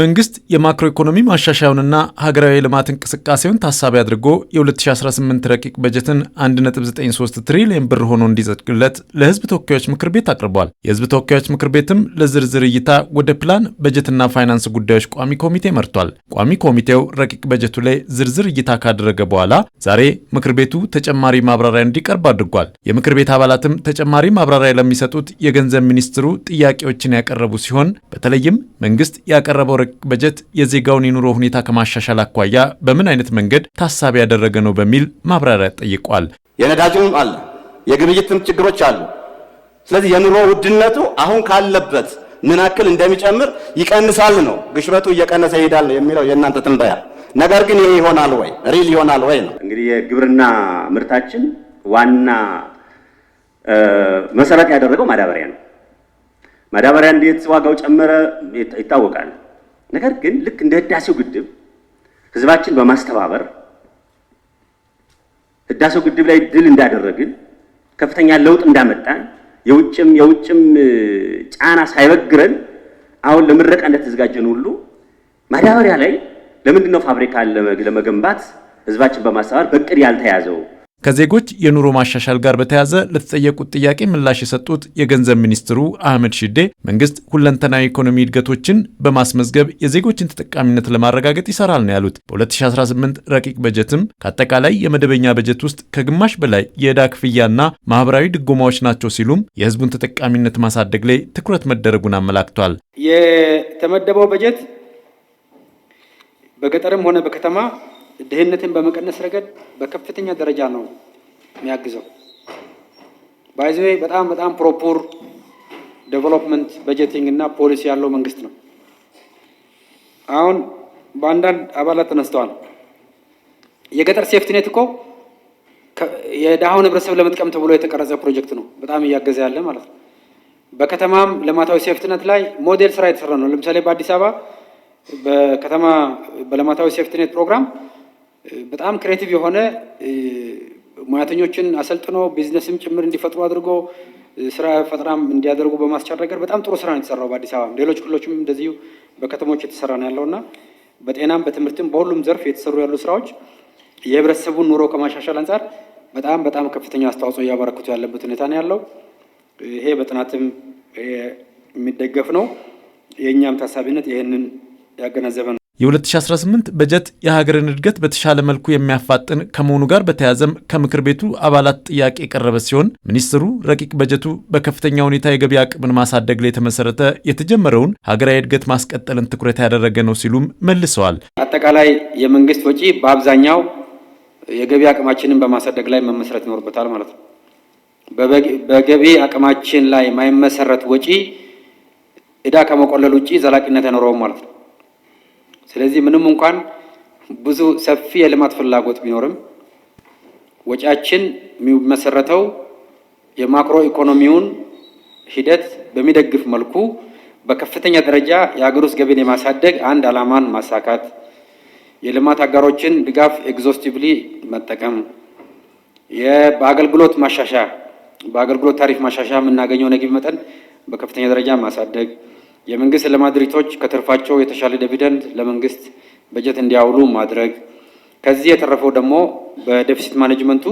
መንግስት የማክሮ ኢኮኖሚ ማሻሻያውንና ሀገራዊ የልማት እንቅስቃሴውን ታሳቢ አድርጎ የ2018 ረቂቅ በጀትን 1.93 ትሪሊየን ብር ሆኖ እንዲጸድቅለት ለህዝብ ተወካዮች ምክር ቤት አቅርቧል። የህዝብ ተወካዮች ምክር ቤትም ለዝርዝር እይታ ወደ ፕላን በጀትና ፋይናንስ ጉዳዮች ቋሚ ኮሚቴ መርቷል። ቋሚ ኮሚቴው ረቂቅ በጀቱ ላይ ዝርዝር እይታ ካደረገ በኋላ ዛሬ ምክር ቤቱ ተጨማሪ ማብራሪያ እንዲቀርብ አድርጓል። የምክር ቤት አባላትም ተጨማሪ ማብራሪያ ለሚሰጡት የገንዘብ ሚኒስትሩ ጥያቄዎችን ያቀረቡ ሲሆን በተለይም መንግስት ያቀረበው የሚመረቅ በጀት የዜጋውን የኑሮ ሁኔታ ከማሻሻል አኳያ በምን አይነት መንገድ ታሳቢ ያደረገ ነው በሚል ማብራሪያ ጠይቋል። የነዳጅም አለ፣ የግብይትም ችግሮች አሉ። ስለዚህ የኑሮ ውድነቱ አሁን ካለበት ምን አክል እንደሚጨምር ይቀንሳል ነው ግሽበቱ እየቀነሰ ይሄዳል ነው የሚለው የእናንተ ትንበያ። ነገር ግን ይሄ ይሆናል ወይ ሪል ይሆናል ወይ ነው እንግዲህ የግብርና ምርታችን ዋና መሰረት ያደረገው ማዳበሪያ ነው። ማዳበሪያ እንዴት ዋጋው ጨመረ ይታወቃል። ነገር ግን ልክ እንደ ህዳሴው ግድብ ህዝባችን በማስተባበር ህዳሴው ግድብ ላይ ድል እንዳደረግን ከፍተኛ ለውጥ እንዳመጣን የውጭም የውጭም ጫና ሳይበግረን አሁን ለምረቃ እንደተዘጋጀን ሁሉ ማዳበሪያ ላይ ለምንድነው ፋብሪካ ለመገንባት ህዝባችን በማስተባበር በቅድ ያልተያዘው ከዜጎች የኑሮ ማሻሻል ጋር በተያዘ ለተጠየቁት ጥያቄ ምላሽ የሰጡት የገንዘብ ሚኒስትሩ አህመድ ሺዴ መንግስት ሁለንተናዊ ኢኮኖሚ እድገቶችን በማስመዝገብ የዜጎችን ተጠቃሚነት ለማረጋገጥ ይሰራል ነው ያሉት። በ2018 ረቂቅ በጀትም ከአጠቃላይ የመደበኛ በጀት ውስጥ ከግማሽ በላይ የዕዳ ክፍያና ማህበራዊ ድጎማዎች ናቸው ሲሉም የህዝቡን ተጠቃሚነት ማሳደግ ላይ ትኩረት መደረጉን አመላክቷል። የተመደበው በጀት በገጠርም ሆነ በከተማ ድህነትን በመቀነስ ረገድ በከፍተኛ ደረጃ ነው የሚያግዘው። ባይዘዌ በጣም በጣም ፕሮፖር ዴቨሎፕመንት በጀቲንግ እና ፖሊሲ ያለው መንግስት ነው። አሁን በአንዳንድ አባላት ተነስተዋል። የገጠር ሴፍቲኔት እኮ የድሃውን ህብረተሰብ ለመጥቀም ተብሎ የተቀረጸ ፕሮጀክት ነው። በጣም እያገዘ ያለ ማለት ነው። በከተማም ልማታዊ ሴፍትነት ላይ ሞዴል ስራ የተሰራ ነው። ለምሳሌ በአዲስ አበባ በከተማ በልማታዊ ሴፍትኔት ፕሮግራም በጣም ክሬቲቭ የሆነ ሙያተኞችን አሰልጥኖ ቢዝነስም ጭምር እንዲፈጥሩ አድርጎ ስራ ፈጠራም እንዲያደርጉ በማስቻል ነገር በጣም ጥሩ ስራ ነው የተሰራው በአዲስ አበባ። ሌሎች ክልሎችም እንደዚሁ በከተሞች የተሰራ ነው ያለውና በጤናም በትምህርትም በሁሉም ዘርፍ የተሰሩ ያሉ ስራዎች የህብረተሰቡን ኑሮ ከማሻሻል አንጻር በጣም በጣም ከፍተኛ አስተዋጽኦ እያበረክቱ ያለበት ሁኔታ ነው ያለው። ይሄ በጥናትም የሚደገፍ ነው። የእኛም ታሳቢነት ይህንን ያገናዘበ ነው። የ2018 በጀት የሀገርን እድገት በተሻለ መልኩ የሚያፋጥን ከመሆኑ ጋር በተያያዘም ከምክር ቤቱ አባላት ጥያቄ የቀረበ ሲሆን ሚኒስትሩ ረቂቅ በጀቱ በከፍተኛ ሁኔታ የገቢ አቅምን ማሳደግ ላይ የተመሰረተ የተጀመረውን ሀገራዊ እድገት ማስቀጠልን ትኩረት ያደረገ ነው ሲሉም መልሰዋል። አጠቃላይ የመንግስት ወጪ በአብዛኛው የገቢ አቅማችንን በማሳደግ ላይ መመስረት ይኖርበታል ማለት ነው። በገቢ አቅማችን ላይ የማይመሰረት ወጪ እዳ ከመቆለል ውጭ ዘላቂነት አይኖረውም ማለት ነው። ስለዚህ ምንም እንኳን ብዙ ሰፊ የልማት ፍላጎት ቢኖርም ወጪያችን የሚመሰረተው የማክሮ ኢኮኖሚውን ሂደት በሚደግፍ መልኩ በከፍተኛ ደረጃ የሀገር ውስጥ ገቢን የማሳደግ አንድ ዓላማን ማሳካት፣ የልማት አጋሮችን ድጋፍ ኤግዞስቲቭሊ መጠቀም፣ በአገልግሎት ማሻሻ በአገልግሎት ታሪፍ ማሻሻ የምናገኘው የገቢ መጠን በከፍተኛ ደረጃ ማሳደግ የመንግስት ልማት ድርጅቶች ከትርፋቸው የተሻለ ዲቪደንድ ለመንግስት በጀት እንዲያውሉ ማድረግ፣ ከዚህ የተረፈው ደግሞ በደፊሲት ማኔጅመንቱ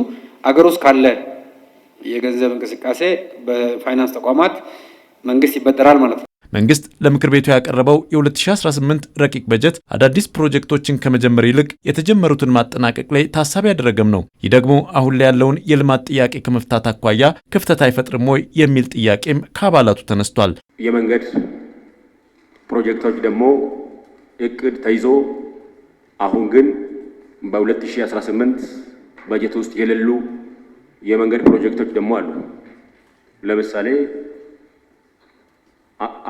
አገር ውስጥ ካለ የገንዘብ እንቅስቃሴ በፋይናንስ ተቋማት መንግስት ይበጠራል ማለት ነው። መንግስት ለምክር ቤቱ ያቀረበው የ2018 ረቂቅ በጀት አዳዲስ ፕሮጀክቶችን ከመጀመር ይልቅ የተጀመሩትን ማጠናቀቅ ላይ ታሳቢ ያደረገም ነው። ይህ ደግሞ አሁን ላይ ያለውን የልማት ጥያቄ ከመፍታት አኳያ ክፍተት አይፈጥርም ወይ የሚል ጥያቄም ከአባላቱ ተነስቷል። የመንገድ ፕሮጀክቶች ደግሞ እቅድ ተይዞ አሁን ግን በ2018 በጀት ውስጥ የሌሉ የመንገድ ፕሮጀክቶች ደግሞ አሉ። ለምሳሌ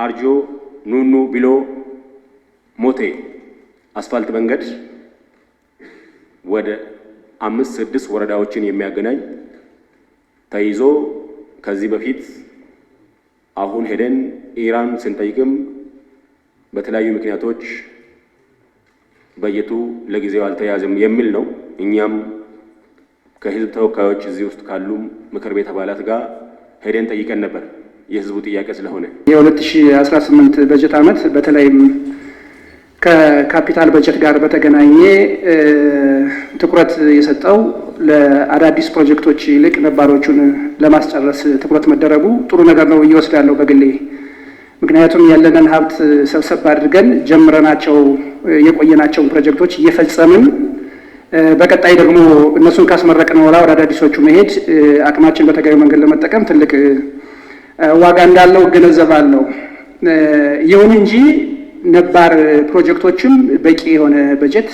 አርጆ ኑኑ ቢሎ ሞቴ አስፋልት መንገድ ወደ አምስት ስድስት ወረዳዎችን የሚያገናኝ ተይዞ ከዚህ በፊት አሁን ሄደን ኢራን ስንጠይቅም በተለያዩ ምክንያቶች በጀቱ ለጊዜው አልተያዘም የሚል ነው። እኛም ከህዝብ ተወካዮች እዚህ ውስጥ ካሉ ምክር ቤት አባላት ጋር ሄደን ጠይቀን ነበር የህዝቡ ጥያቄ ስለሆነ የ2018 በጀት ዓመት በተለይም ከካፒታል በጀት ጋር በተገናኘ ትኩረት የሰጠው ለአዳዲስ ፕሮጀክቶች ይልቅ ነባሮቹን ለማስጨረስ ትኩረት መደረጉ ጥሩ ነገር ነው እየወስዳለሁ በግሌ ምክንያቱም ያለንን ሀብት ሰብሰብ አድርገን ጀምረናቸው የቆየናቸውን ፕሮጀክቶች እየፈጸምን በቀጣይ ደግሞ እነሱን ካስመረቅን በኋላ ወደ አዳዲሶቹ መሄድ አቅማችን በተገቢ መንገድ ለመጠቀም ትልቅ ዋጋ እንዳለው እገነዘባለሁ። ይሁን እንጂ ነባር ፕሮጀክቶችም በቂ የሆነ በጀት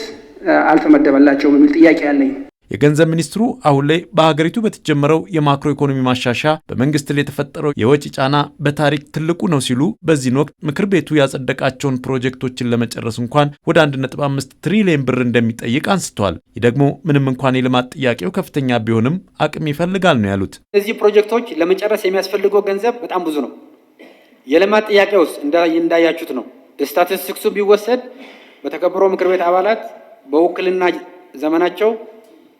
አልተመደበላቸውም የሚል ጥያቄ አለኝ። የገንዘብ ሚኒስትሩ አሁን ላይ በሀገሪቱ በተጀመረው የማክሮ ኢኮኖሚ ማሻሻያ በመንግስት ላይ የተፈጠረው የወጪ ጫና በታሪክ ትልቁ ነው ሲሉ በዚህን ወቅት ምክር ቤቱ ያጸደቃቸውን ፕሮጀክቶችን ለመጨረስ እንኳን ወደ 1.5 ትሪሊየን ብር እንደሚጠይቅ አንስተዋል። ይህ ደግሞ ምንም እንኳን የልማት ጥያቄው ከፍተኛ ቢሆንም አቅም ይፈልጋል ነው ያሉት። እነዚህ ፕሮጀክቶች ለመጨረስ የሚያስፈልገው ገንዘብ በጣም ብዙ ነው። የልማት ጥያቄ ውስጥ እንዳያችሁት ነው። ስታቲስቲክሱ ቢወሰድ በተከበረው ምክር ቤት አባላት በውክልና ዘመናቸው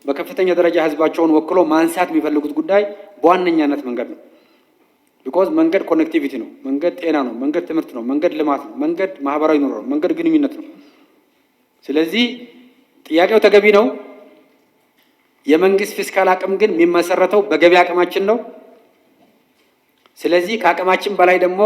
በከፍተኛ ደረጃ ህዝባቸውን ወክሎ ማንሳት የሚፈልጉት ጉዳይ በዋነኛነት መንገድ ነው። ቢኮዝ መንገድ ኮኔክቲቪቲ ነው፣ መንገድ ጤና ነው፣ መንገድ ትምህርት ነው፣ መንገድ ልማት ነው፣ መንገድ ማህበራዊ ኑሮ ነው፣ መንገድ ግንኙነት ነው። ስለዚህ ጥያቄው ተገቢ ነው። የመንግስት ፊስካል አቅም ግን የሚመሰረተው በገቢ አቅማችን ነው። ስለዚህ ከአቅማችን በላይ ደግሞ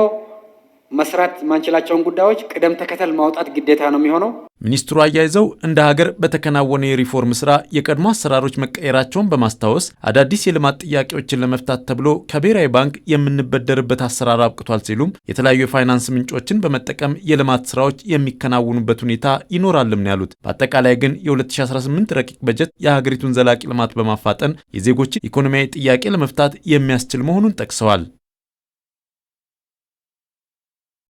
መስራት የማንችላቸውን ጉዳዮች ቅደም ተከተል ማውጣት ግዴታ ነው የሚሆነው። ሚኒስትሩ አያይዘው እንደ ሀገር በተከናወነ የሪፎርም ስራ የቀድሞ አሰራሮች መቀየራቸውን በማስታወስ አዳዲስ የልማት ጥያቄዎችን ለመፍታት ተብሎ ከብሔራዊ ባንክ የምንበደርበት አሰራር አብቅቷል ሲሉም የተለያዩ የፋይናንስ ምንጮችን በመጠቀም የልማት ስራዎች የሚከናወኑበት ሁኔታ ይኖራልም ነው ያሉት። በአጠቃላይ ግን የ2018 ረቂቅ በጀት የሀገሪቱን ዘላቂ ልማት በማፋጠን የዜጎችን ኢኮኖሚያዊ ጥያቄ ለመፍታት የሚያስችል መሆኑን ጠቅሰዋል።